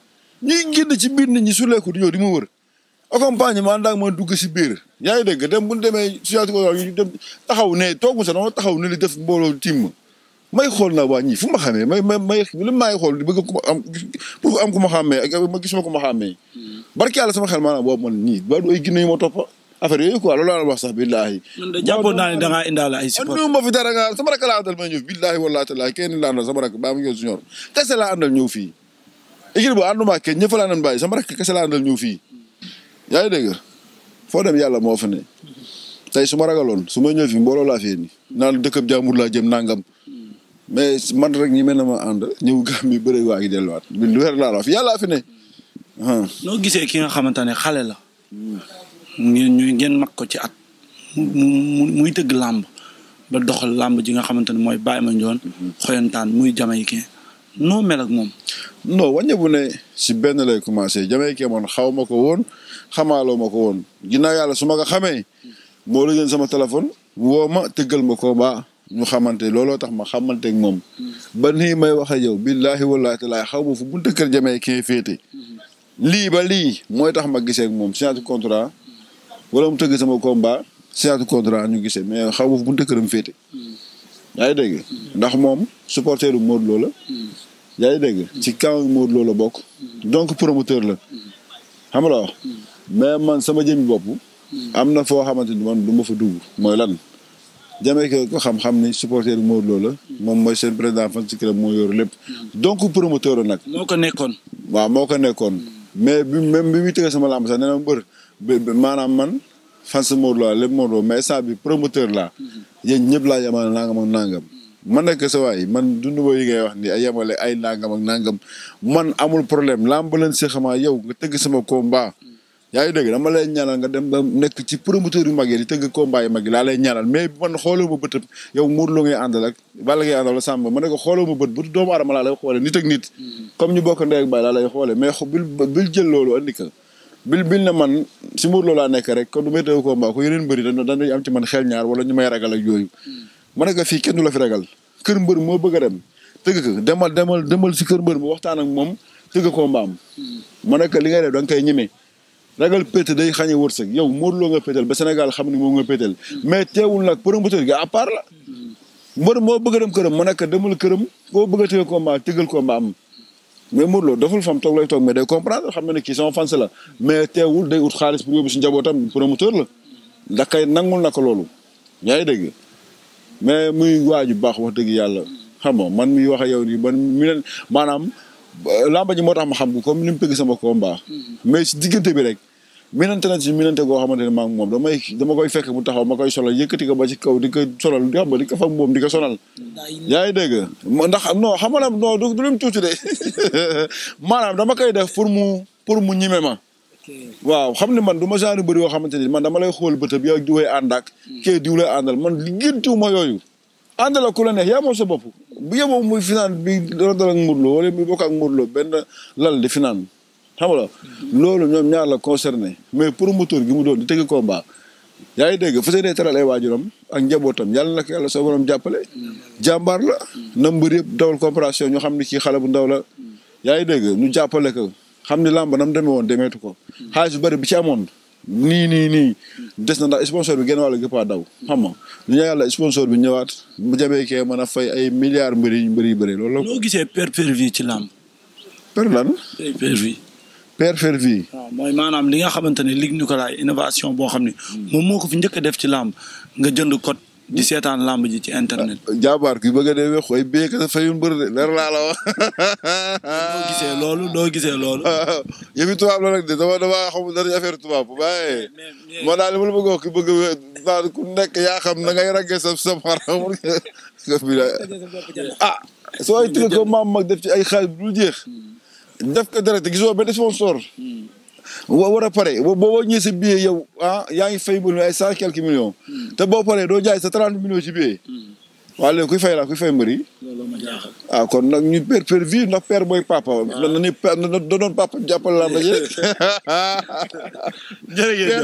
ñuy ci biir ni ñi su lekku di ñëw di ma wër accompagnement daag ma dugg si biir yaa ngi dégg dem bu ñu demee situation ñu dem taxaw ne toog mu sax dama taxaw ne li def mbooloo tiim may xool naa waa ñii fu ma xamee may may may lu xool di bëgg ku ma am pour am ku ma xàmmee ak ma gisuma ku ma xàmmee. Hmm. barke yàlla sama xel maanaam boobu man ñii ba du ay ginne yu ma topp affaire yooyu quoi loolu laa wax ma fi dara nga sama rakk laa àndal may ñëw billaahi wallaahi taalaa kenn laa àndal sama rakk baa ma ñëw junior kese laa a ñëw fii. équipe bu ànduma kenn ñëpp laa nan bàyyi sama rakk kese yaa ngi dégg foo dem yàlla moo fa ne tey su ma ragaloon su ma ñëw fi mbooloo laa fee ni naan dëkkab jàmbur laa jëm nangam mais man rek ñi mel na ma ànd ñëw gàmm yi bëre waa ngi delluwaat bi lu wér laa wax yàllaa fi ne. noo gisee ki nga xamante ne xale la. ñu ñu ngeen mag ko ci at. muy tëgg làmb ba doxal làmb ji nga xamante ne mooy Baye Mandione. xoyantaan muy jamaïcain noo mel ak moom. non wàññeeku ne si benn lay commencé jamaïcain moom xaw ma ko woon xamaaloo ma ko woon ginnaaw yàlla su ma ko xamee. moo la gën sama téléphone. woo ma tëggal ma ko ba ñu xamante looloo tax ma xamanteek moom. Mm-hmm. ba nii may wax ak yow billaahi wallaahi taalaa xaw ma fu buntu kër jamee kii féete. Mm-hmm. lii ba lii mooy tax ma gisee ak moom signature contrat. Mm-hmm. wala mu tëgg sama combat signature contrat ñu gisee mais xaw ma fu buntu mu féete. yaa ngi dégg. ndax moom supporter u Modou Lo la. yaa ngi dégg ci camp Modou Lo la bokk. donc promoteur la. xam nga la wax mais man sama jëmmi bopp. am na foo xamante ni man du ma fa dugg mooy lan. Jamaïcain ko xam-xam ni supporter Modou Lo la. moom mooy seen président fan si club moo yor lépp. donc promoteur la nag. moo ko nekkoon. waaw moo ko nekkoon. mais bi même bi muy tëgg sama lamb sax nee na ma bër maanaam man fan si Modou Lo la lépp Modou mais saa bi promoteur laa. yéen ñëpp laa yamal nangam ak nangam. man nekk sa waay man dundu ba yi ngay wax ni ay yemale ay nangam ak nangam man amul problème lamb leen si xamaa yow nga tëgg sama combat. yaa ngi dégg dama lay ñaanal nga dem ba nekk ci promoteur yu mag yi di tëgg combat yu mag yi laa lay ñaanal mais man xooloo ma bëtam yow Modou Lo ngay àndal ak Balla ngay àndal Samba ma ne ko xooloo ma bët bu doomu aadama laa lay xoole nit ak nit mm-hmm. comme ñu bokk ndey ak baay laa lay xoole mais bil jël loolu andi ko bil bil na man si Modou Lo nekk rek ko du may tëgg combat ko yeneen mbëri dañ dañuy am ci man xel ñaar wala ñu may ragal ak yooyu mm-hmm. ma ne la fi ragal kër mbër moo bëgg a dem tëgg demal demal demal si kër mbër mu waxtaan ak moom tëgg combat am mm-hmm. ma ne ko li ngay def da nga koy ragal pété day xañe wërsëg yow Modou Lo nga pétel ba Sénégal xam ni moom nga pétel mais teewul nag promoteur gi à part la mbër moo bëgg a dem këram ma nekk demul këram boo bëgg a tëgal combat tëgal combat am mais Modou Lo daful fam toog lay toog mais day comprendre xam ne ne kii sama fans la mais teewul day ut xaalis pour yóbbu si njabootam promoteur la da kay nangul na ko loolu yaa ngi mais muy waaju baax wax dëgg yàlla xam nga man miy waxee ak yow nii man mi maanaam lamba ji moo tax ma xam ko comme ni mu koo baax mais si diggante bi rek minante na ci minante goo xamante ne maa ngi moom damay dama koy fekk mu taxaw ma koy solal yëkkati ko ba ci kaw di ko solal di xam ba di ko fam moom di ko sonal yaa ngi dégg ndax non xam nga non du du lim tuuti de maanaam dama koy def pour mu pour mu ñime ma waaw xam ne man du ma genre bëri yoo xamante ni man dama lay xool bëtë bi yow diwee ànd ak hmm. kii diw àndal man li gëntiw ma yooyu àndal ak ku la neex yaa moom sa bopp bu yeboo muy finaan bi dara dal ak Modou Lo wala muy bokk ak Modou benn lal di finaan xam nga loolu ñoom ñaar la concerné mais promoteur gi mu doon di tëgg combat yaa ngi dégg fas yéene teral ay waajuram ak njabootam yàlla na ko yàlla soo borom jàppale. jàmbaar la. na mbër dawal coopération ñu xam ni kii xale bu ndaw la. yaa ngi dégg ñu jàppale ko xam ni làmb na demee woon demeetu ko. xaalis bu bëri bi ci amoon. ni nii nii des na ndax sponsor bi genn wàll gëpp a daw xam nga ñu ñaan yàlla sponsor bi ñëwaat bu jamee kee mën a fay ay milliards mbëri mbëri bëri loolu la. noo gisee perte-per-vue ci làmb. per lan. perte perfervi waaw mooy maanaam li nga xamante ne Luc Nicolaï innovation boo xam ne moom moo ko fi njëkk def ci làmb nga jënd code di seetaan làmb ji ci internet. Ah, jàmbaar ki bëgg a dee wex ay béykat dafa fayul mbër de loolu doo gisee loolu. yëfi tubaab la nag ma la bëgg a wax ki bëgg naan ku nekk yaa xam na ngay raggee sa sa xaram. ah soo ay tëgg ko maam mag def ci ay xaalis bu jeex. Hmm. def ko dara te gisoo benn sponsor. war a pare boo boo ñëwee sa yow ah yaa ngi fay mbir ay cent quelques millions. te boo paree doo jaay sa trente millions ci billet. waaw léegi kuy fay la kuy fay mbir yi. ah nag ñu per per vie ndax père mooy papa. waaw na ni père da doon papa jàppale laa ma jël.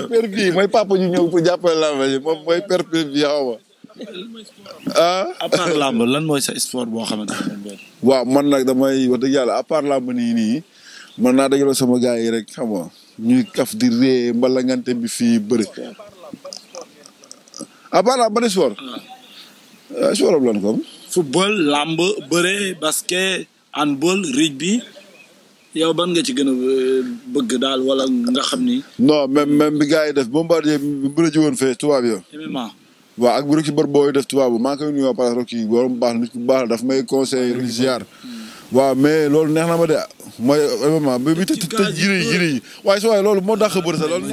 per vie mooy papa ñu ñëw pour jàppale la ma jël moom mooy père per vie xaw ah. à part lan mooy sa sport boo xamante waaw man nag damay wax dëgg yàlla à part làmb nii nii man naa dajale sama gars yi rek xam nga ñuy kaf di ree mbala ngante bi fii bëri. à part làmb ban sport. ah, ah sport am lan comme. football làmb bëre basket handball rugby. yow ban nga ci gën a euh, bëgg daal wala nga xam ni. non même même bi gars yi def bombardier bi mu la jiwoon fee tubaab yow. waaw ak Rocky bër booy def tubaab maa ngi koy nuyoo parce que Rocky borom baax nit ku baax daf may conseil ziar waaw yi waaye su waaye loolu moo dàq bëri sa loolu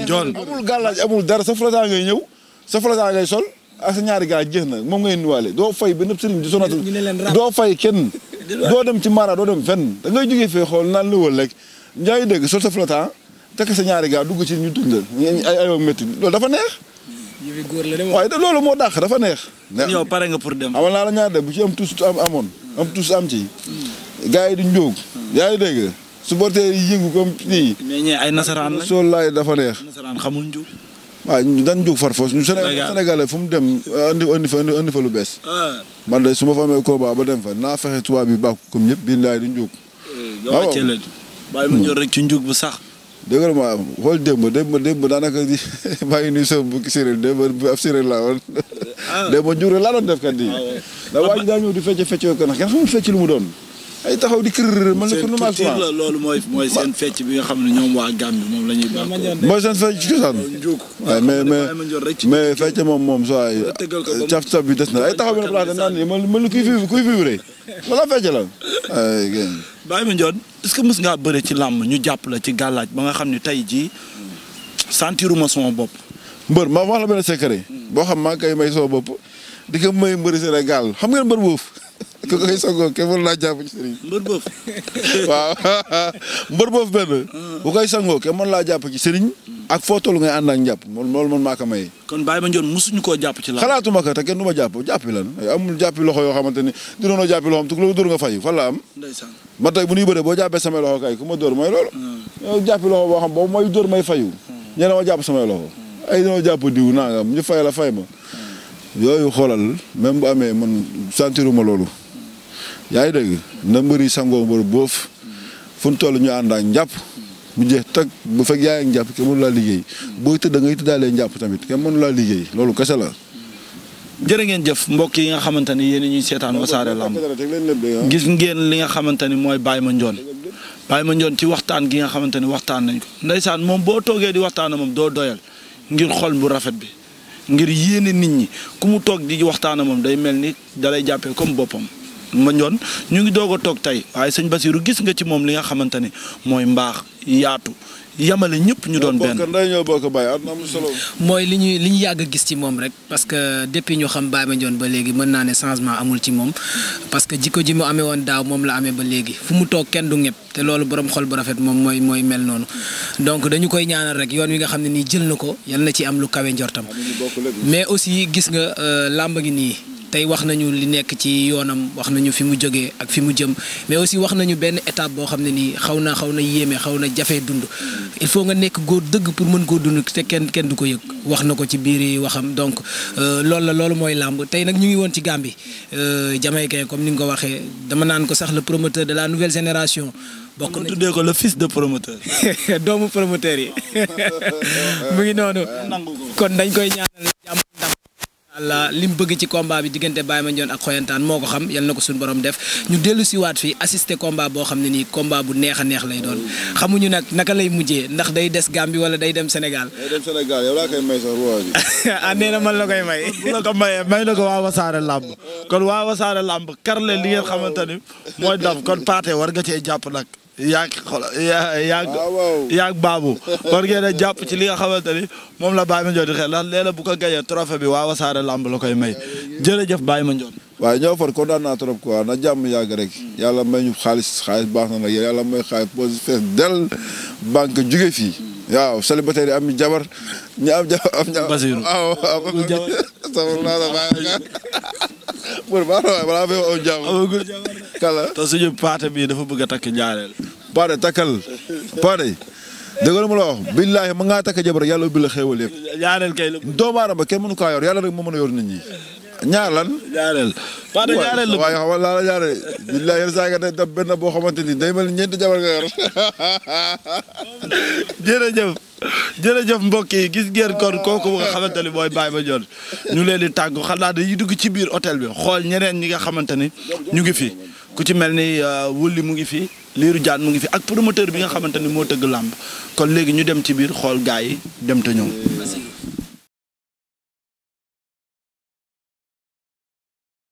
amul gàllaaj amul dara sa flasaa ngay ñëw sa flasaa ngay sol ak sa ñaari gaa jeex na moom ngay nuwaale doo fay benn sëriñ di sonatul doo fay kenn doo dem ci mara doo dem fenn da ngay jógee xool naan la wal rek njaay dégg sol sa flataa tekk sa ñaari gaa dugg ci ñu dund ay ayoo métti loolu dafa neex yëfi góor la dem waaye de loolu moo dàq dafa neex. yow pare nga pour dem. amal naa la ñaar de bu ci am tuus am amoon. am tuus am ci. Hmm. gars yi duñ jóg. Hmm. yaa ngi dégg supporter yi yëngu comme nii. ay nasaraan lañ soo laay dafa neex. nasaraan xamul nju. waaw ñu daan jóg farfoos ñu Sénégalais fu mu dem andi euh, andi fa fa lu bees. Eh. man de su ma fa amee combat ba dem fa naa fexe tubaab bi baax comme ñëpp billaay duñ jóg. Eh, waaw yow a rek ci njuk bu sax. dëgg ma maa xool démb daanaka maa ngi nuyu sama bukki séeréer démb bi ab séeréer laa woon. Ah. démb njuure laa doon def kat di. waaw ah, waaw daa ñëw di fecc lu mu doon. ay taxaw di kër man nu ma. seen la loolu mooy mooy seen fecc bi nga xam ne ñoom waa Gambie moom la ñuy baax. mooy seen fecc cosaan. waaw mais mais moom moom soo ay. caf caf bi des na ay taxaw bi nag laa naan man man kuy vivre kuy vivre wala fecc la. ay Baye Mandione est-ce que mës ngaa bëre ci làmb ñu jàpp la ci gàllaaj ba nga xam ne tey jii sentiruma sama bopp. mbër ma wax la benn secret. boo xam ma ngi koy may sama bopp di ko may mbëri Sénégal xam ngeen mbër boobu. ku koy songoo kenn mënu laa jàpp ci sëriñ. mbër boobu. waaw ah. laa jàpp ci sëriñ. ak foo toll ngay ànd ak njàpp loolu man maa ko may. kon Baye Mandione mosuñu koo jàpp ci la. xalaatuma ko te kenn du ma jàpp jàppi lan eh, amul jàppi loxo yoo xamante ni di doonoo jàppi loxo am te loolu dóor nga fay fan la am. ma tey bu ñuy boo jàppee samay loxo kay ku ma dóor mooy hmm. eh, boo xam boobu mooy dóor may fayu. Hmm. ñeneen ma jàpp samay loxo. Hmm. ay dama jàpp diw nangam ñu fay la fay ma. yooyu xoolal même bu amee man sentiruma loolu. yaa ngi dégg na mbëri sangoo mbër boof fu ñu toll ñu ànd ak njàpp bu jeex tag bu fekk yaa ngi jàpp kenn mënu laa liggéey booy tëdd ngay tëddaalee jàpp tamit kenn mënu laa liggéey loolu kese la. jërë ngeen jëf mbokk yi nga xamante ni yéen ñuy seetaan wasaare lamb gis ngeen li nga xamante ni mooy Baye Mandione Baye Mandione ci waxtaan gi nga xamante ni waxtaan nañ ko ndeysaan moom boo toogee di waxtaan moom doo doyal ngir xol bu rafet bi ngir yéene nit ñi ku mu toog di waxtaan moom day mel ni dalay jàppee comme boppam Mandione ñu ngi doog toog tey waaye sëñ Basiru gis nga ci moom li nga xamante ne mooy mbaax yaatu yamale ñëpp ñu doon benn mooy li ñuy li ñu yàgg gis ci moom rek parce que depuis ñu xam Baye Mandione ba léegi mën naa ne changement amul ci moom parce que jikko ji mu amee woon daaw moom la amee ba léegi fu mu toog kenn du ñëpp te loolu borom xol bu rafet moom mooy mooy mel noonu donc dañu koy ñaanal rek yoon wi nga xam ne nii jël na ko yal na ci am lu kawe njortam mais aussi gis nga euh, làmb gi nii tey wax nañu li nekk ci yoonam wax nañu fi mu jógee ak fi mu jëm mais aussi wax nañu benn étape boo xam ne nii xaw na xaw na yéeme xaw na jafe dund il faut nga nekk góor dëgg pour mën koo dund te kenn kenn du ko yëg wax na ko ci biir waxam donc euh, loolu la loolu mooy làmb tey nag ñu ngi woon ci Gambie euh, Jamaïcain comme ni nga ko waxee dama naan ko sax le promoteur de la nouvelle génération. bokk nañu tuddee ko le fils de promoteur. doomu promoteur yi mu ngi allah li mu bëgg ci combat bi diggante Baye Mandione ak Xoyantaan moo ko xam yal na ko suñu borom def ñu dellu waat fii assister combat boo xam ne nii combat bu neex a neex lay doon xamuñu nag naka lay mujjee ndax day des Gambie wala day dem Sénégal. day dem Sénégal yow laa koy may sax roi bi. ah na man la koy may. bu la ko mayee may na ko waa Wasaare Lamb kon waa Wasaare Lamb kar leen li ngeen xamante ni mooy dam kon Pathé war nga cee jàpp nag. yaag xol yaag yaag baabu war ngeen a jàpp ci li nga xamante ni moom la Baye Mandione di xel ndax léeg-léeg bu ko gañee trophée bi waa Wassare Lamb la koy may jërëjëf Baye Mandione waaye ñoo far kontaan naa trop quoi na jàmm yàgg rek yàlla may ñu xaalis xaalis baax na nag yàlla may xaalis pose fees del banque jóge fii waaw célibataire yi am ñu jabar ñu am mbër baax na waaye balaa fee oo jàmm. amagul jabar kala. te suñu paate bii dafa bëgg a takk ñaareel. paate takkal paate. dëgg la ma la wax billaahi ma ngaa takk jabar yàlla ubbi la xéewal yëpp. ñaareel kay la. doomu aadama kenn mënu kaa yor yàlla rek moo mën a yor nit ñi. ñaar lan. ñaareel Fada ñaareel la waaye xamal laa la ñaareel. billahi yenn saa nga day benn boo xamante ni day mel ni ñeenti jabar nga yor. jërëjëf jërëjëf mbokk yi gis ngeen kon kooku nga xamante ni mooy Baye Mandione ñu leen di tàggu xanaa dañuy dugg ci biir hôtel bi xool ñeneen ñi nga xamante ni ñu ngi fi ku ci mel ni euh, Wulli mu ngi fi Liiru Jaan mu ngi fi ak promoteur bi nga xamante ni moo tëgg làmb kon léegi ñu dem ci biir xool gaa yi dem te ñëw.